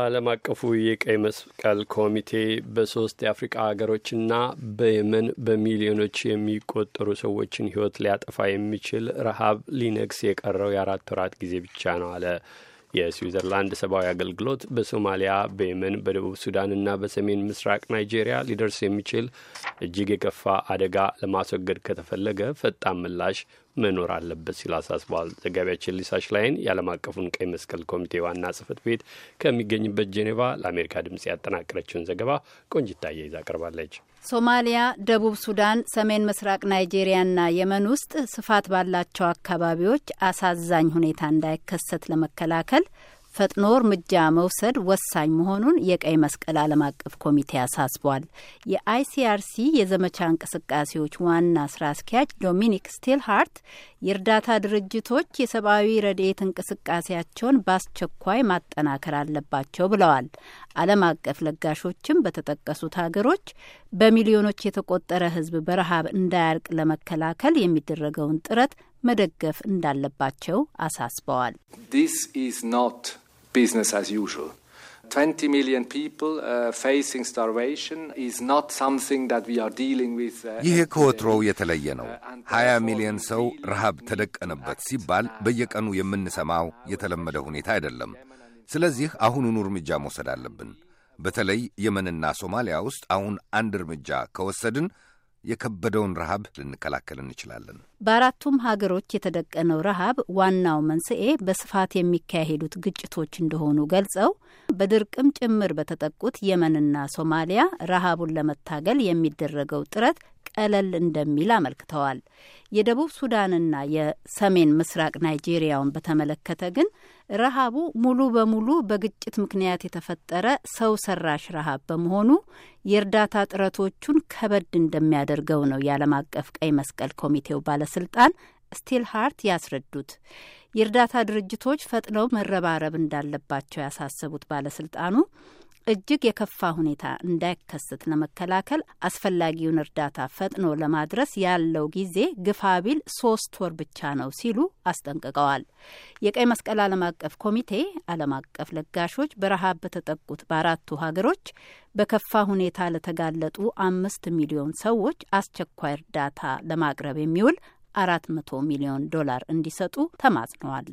ዓለም አቀፉ የቀይ መስቀል ኮሚቴ በሶስት የአፍሪቃ ሀገሮችና በየመን በሚሊዮኖች የሚቆጠሩ ሰዎችን ሕይወት ሊያጠፋ የሚችል ረሃብ ሊነግስ የቀረው የአራት ወራት ጊዜ ብቻ ነው አለ። የስዊዘርላንድ ሰብአዊ አገልግሎት በሶማሊያ፣ በየመን፣ በደቡብ ሱዳንና በሰሜን ምስራቅ ናይጄሪያ ሊደርስ የሚችል እጅግ የከፋ አደጋ ለማስወገድ ከተፈለገ ፈጣን ምላሽ መኖር አለበት ሲል አሳስበዋል። ዘጋቢያችን ሊሳሽ ላይን የዓለም አቀፉን ቀይ መስቀል ኮሚቴ ዋና ጽህፈት ቤት ከሚገኝበት ጄኔቫ ለአሜሪካ ድምጽ ያጠናቀረችውን ዘገባ ቆንጅት ይዛ ቀርባለች። ሶማሊያ፣ ደቡብ ሱዳን፣ ሰሜን ምስራቅ ናይጄሪያና የመን ውስጥ ስፋት ባላቸው አካባቢዎች አሳዛኝ ሁኔታ እንዳይከሰት ለመከላከል ፈጥኖ እርምጃ መውሰድ ወሳኝ መሆኑን የቀይ መስቀል ዓለም አቀፍ ኮሚቴ አሳስቧል። የአይሲአርሲ የዘመቻ እንቅስቃሴዎች ዋና ስራ አስኪያጅ ዶሚኒክ ስቲልሃርት የእርዳታ ድርጅቶች የሰብአዊ ረድኤት እንቅስቃሴያቸውን በአስቸኳይ ማጠናከር አለባቸው ብለዋል። ዓለም አቀፍ ለጋሾችም በተጠቀሱት ሀገሮች በሚሊዮኖች የተቆጠረ ሕዝብ በረሃብ እንዳያልቅ ለመከላከል የሚደረገውን ጥረት መደገፍ እንዳለባቸው አሳስበዋል። business as usual. 20 million people uh, facing starvation is not something that we are dealing with. Uh, ይህ ከወትሮው የተለየ ነው። 20 uh, ሚሊዮን ሰው ረሃብ ተደቀነበት ሲባል በየቀኑ የምንሰማው የተለመደ ሁኔታ አይደለም። ስለዚህ አሁኑኑ እርምጃ መውሰድ አለብን። በተለይ የመንና ሶማሊያ ውስጥ አሁን አንድ እርምጃ ከወሰድን የከበደውን ረሃብ ልንከላከል እንችላለን። በአራቱም ሀገሮች የተደቀነው ረሃብ ዋናው መንስኤ በስፋት የሚካሄዱት ግጭቶች እንደሆኑ ገልጸው በድርቅም ጭምር በተጠቁት የመንና ሶማሊያ ረሃቡን ለመታገል የሚደረገው ጥረት ቀለል እንደሚል አመልክተዋል። የደቡብ ሱዳንና የሰሜን ምስራቅ ናይጄሪያውን በተመለከተ ግን ረሃቡ ሙሉ በሙሉ በግጭት ምክንያት የተፈጠረ ሰው ሰራሽ ረሃብ በመሆኑ የእርዳታ ጥረቶቹን ከበድ እንደሚያደርገው ነው የዓለም አቀፍ ቀይ መስቀል ኮሚቴው ባለስልጣን ስቲል ሃርት ያስረዱት። የእርዳታ ድርጅቶች ፈጥነው መረባረብ እንዳለባቸው ያሳሰቡት ባለስልጣኑ እጅግ የከፋ ሁኔታ እንዳይከሰት ለመከላከል አስፈላጊውን እርዳታ ፈጥኖ ለማድረስ ያለው ጊዜ ግፋቢል ሶስት ወር ብቻ ነው ሲሉ አስጠንቅቀዋል። የቀይ መስቀል ዓለም አቀፍ ኮሚቴ ዓለም አቀፍ ለጋሾች በረሃብ በተጠቁት በአራቱ ሀገሮች በከፋ ሁኔታ ለተጋለጡ አምስት ሚሊዮን ሰዎች አስቸኳይ እርዳታ ለማቅረብ የሚውል 400 ሚሊዮን ዶላር እንዲሰጡ ተማጽነዋል።